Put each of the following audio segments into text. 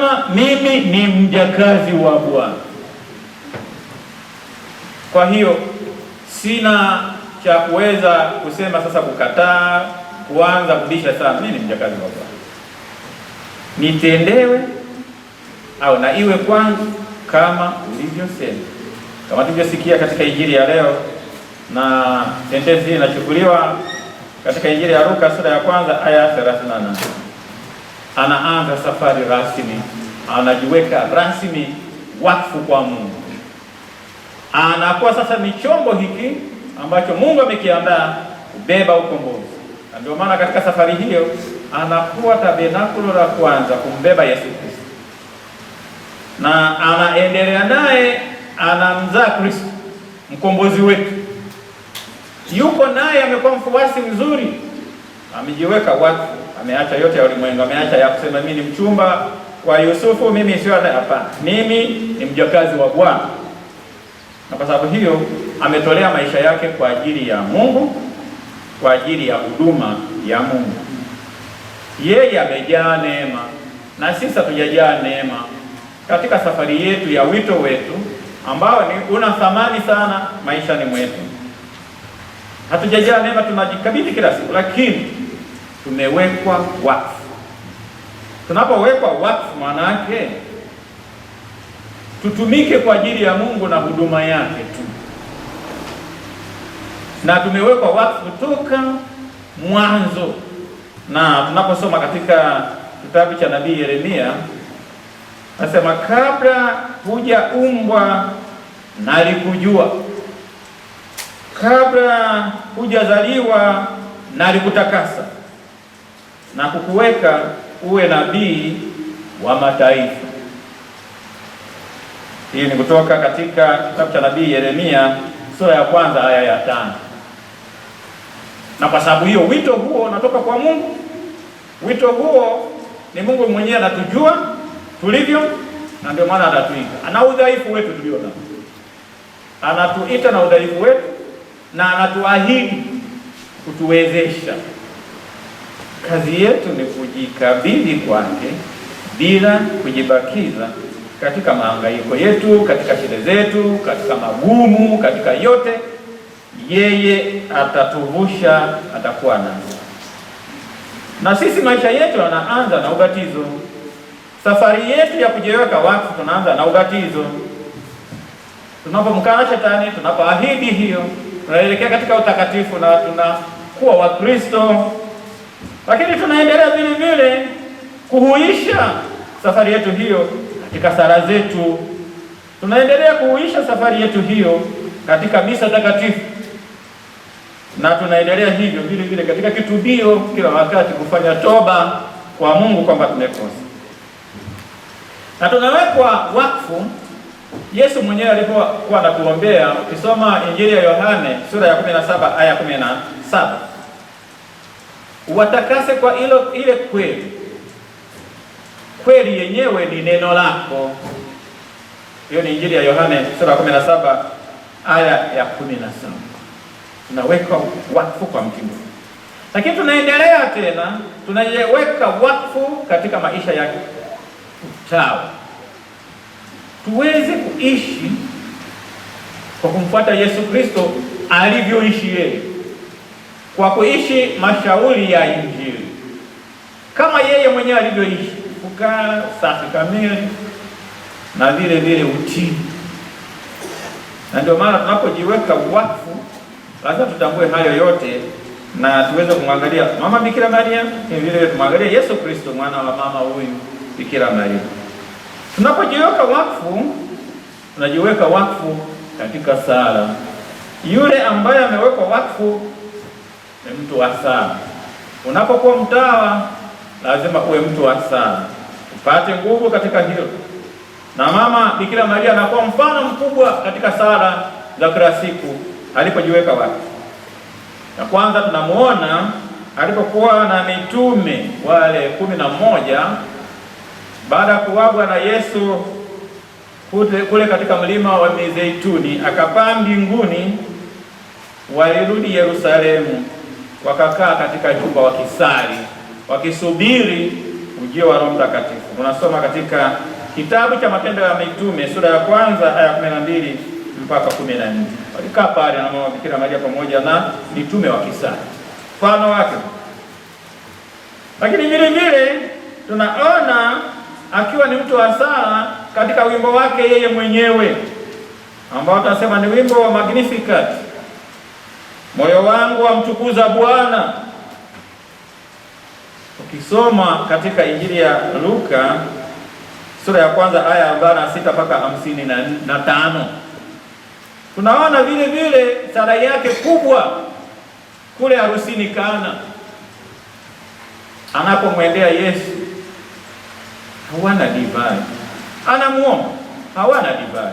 kama mimi ni mjakazi wa Bwana. Kwa hiyo sina cha kuweza kusema sasa, kukataa kuanza kubisha sana. Mimi ni mjakazi wa Bwana, nitendewe au na iwe kwangu kama ulivyosema, kama tulivyosikia katika injili ya leo, na sentensi hii inachukuliwa katika injili ya Luka sura ya kwanza aya 38 anaanza safari rasmi, anajiweka rasmi wakfu kwa Mungu, anakuwa sasa ni chombo hiki ambacho Mungu amekiandaa kubeba ukombozi. Na ndio maana katika safari hiyo anakuwa tabernakulo la kwanza kumbeba Yesu Kristo, na anaendelea naye, anamzaa Kristo mkombozi wetu, yuko naye, amekuwa mfuasi mzuri amejiweka wakfu, ameacha yote ya ulimwengu, ameacha ya kusema mimi ni mchumba kwa Yusufu, mimi sio hapana, mimi ni mjakazi wa Bwana, na kwa sababu hiyo ametolea maisha yake kwa ajili ya Mungu, kwa ajili ya huduma ya Mungu. Yeye amejaa neema na sisi hatujajaa neema katika safari yetu ya wito wetu ambao ni una thamani sana maishani mwetu. Hatujajaa neema, tunajikabidhi kila siku, lakini tumewekwa wakfu. Tunapowekwa wakfu, maana yake tutumike kwa ajili ya Mungu na huduma yake tu, na tumewekwa wakfu toka mwanzo, na tunaposoma katika kitabu cha nabii Yeremia nasema kabla hujaumbwa nalikujua, kabla hujazaliwa nalikutakasa, na kukuweka uwe nabii wa mataifa. Hii ni kutoka katika kitabu cha nabii Yeremia sura ya kwanza aya ya tano. Na kwa sababu hiyo wito huo unatoka kwa Mungu. Wito huo ni Mungu mwenyewe anatujua tulivyo, na ndio maana anatuita, ana udhaifu wetu tulio nao, anatuita na udhaifu wetu, na anatuahidi kutuwezesha Kazi yetu ni kujikabidhi kwake bila kujibakiza katika mahangaiko yetu, katika shida zetu, katika magumu, katika yote, yeye atatuvusha, atakuwa nasi. Na sisi maisha yetu yanaanza na ubatizo. Safari yetu ya kujiweka wakfu tunaanza na ubatizo. Tunapomkana Shetani, tunapoahidi hiyo, tunaelekea katika utakatifu na tunakuwa Wakristo lakini tunaendelea vile vile kuhuisha safari yetu hiyo katika sala zetu, tunaendelea kuhuisha safari yetu hiyo katika misa takatifu, na tunaendelea hivyo vile vile katika kitubio, kila wakati kufanya toba kwa Mungu kwamba tumekosa, na tunawekwa wakfu. Yesu mwenyewe alipokuwa anatuombea, ukisoma Injili ya Yohane sura ya 17 aya 17 uwatakase kwa ilo ile kweli. Kweli yenyewe ni neno lako. Hiyo ni Injili ya Yohane sura ya 17 aya ya 17. Tunaweka wakfu kwa mtindo, lakini tunaendelea tena, tunaweka wakfu katika maisha ya utawa, tuweze kuishi kwa kumfuata Yesu Kristo alivyoishi yeye kwa kuishi mashauri ya Injili kama yeye mwenyewe alivyoishi, fukara safi kamili, na vile vile utii. Na ndio maana tunapojiweka wakfu lazima tutambue hayo yote na tuweze kumwangalia mama Bikira Maria, vile vile tumwangalie Yesu Kristo, mwana wa mama huyu Bikira Maria. Tunapojiweka wakfu, tunajiweka wakfu katika sala. Yule ambaye amewekwa wakfu ni mtu wa sala. Unapokuwa mtawa, lazima uwe mtu wa sala, upate nguvu katika hilo. Na mama Bikira Maria anakuwa mfano mkubwa katika sala za kila siku alipojiweka wapi. Na kwanza tunamuona alipokuwa na mitume wale kumi na mmoja baada ya kuwagwa na Yesu kule, kule katika mlima wa Mizeituni akapaa mbinguni, walirudi Yerusalemu wakakaa katika chumba wakisali, wakisubiri ujio wa Roho Mtakatifu. Tunasoma katika kitabu cha Matendo ya Mitume sura ya kwanza aya kumi na mbili mpaka kumi na nne. Walikaa pale na mama Bikira Maria pamoja na mitume wakisali, mfano wake. Lakini vile vile tunaona akiwa ni mtu wa sala katika wimbo wake yeye mwenyewe ambao tunasema ni wimbo wa Magnificat moyo wangu wamtukuza Bwana. Ukisoma katika Injili ya Luka sura ya kwanza aya ya arobaini na sita mpaka hamsini na tano tunaona vile vile sala yake kubwa kule harusini Kana, anapomwendea Yesu hawana divai, anamuomba hawana divai.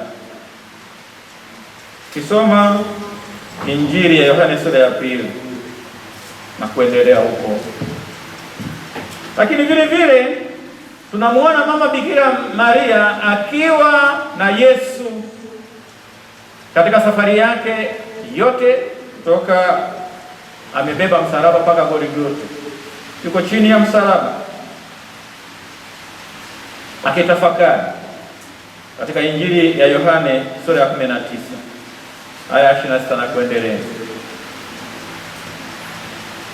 Kisoma Injili ya Yohane sura ya pili na kuendelea huko. Lakini vile vile tunamuona mama Bikira Maria akiwa na Yesu katika safari yake yote kutoka amebeba msalaba mpaka Golgotha, yuko chini ya msalaba akitafakari katika Injili ya Yohane sura ya 19 aya ishirini na sita na kuendelea.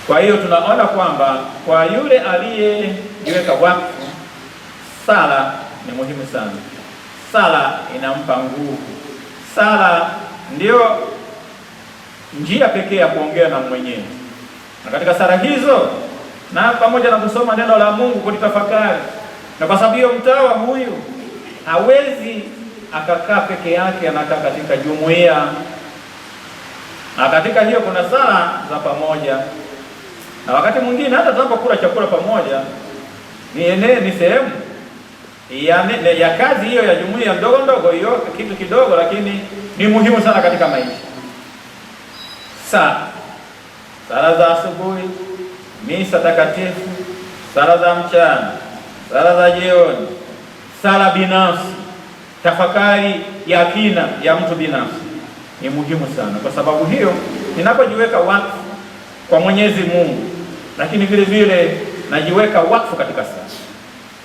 Kwa hiyo tunaona kwamba kwa yule aliyejiweka wakfu, sala ni muhimu sana. Sala inampa nguvu. Sala ndiyo njia pekee ya kuongea na mwenyewe, na katika sala hizo na pamoja na kusoma neno la Mungu, kulitafakari. Na kwa sababu hiyo mtawa huyu hawezi akakaa peke yake, anakaa katika jumuiya na katika hiyo kuna sala za pamoja, na wakati mwingine hata tunapokula chakula pamoja ni eneo, ni sehemu ya, ya kazi hiyo ya jumuiya ndogo ndogo hiyo, kitu kidogo lakini ni muhimu sana katika maisha. Sala, sala za asubuhi, misa takatifu, sala za mchana, sala za jioni, sala binafsi, tafakari ya kina ya mtu binafsi ni muhimu sana. Kwa sababu hiyo, ninapojiweka wakfu kwa Mwenyezi Mungu, lakini vile vile najiweka wakfu katika sala.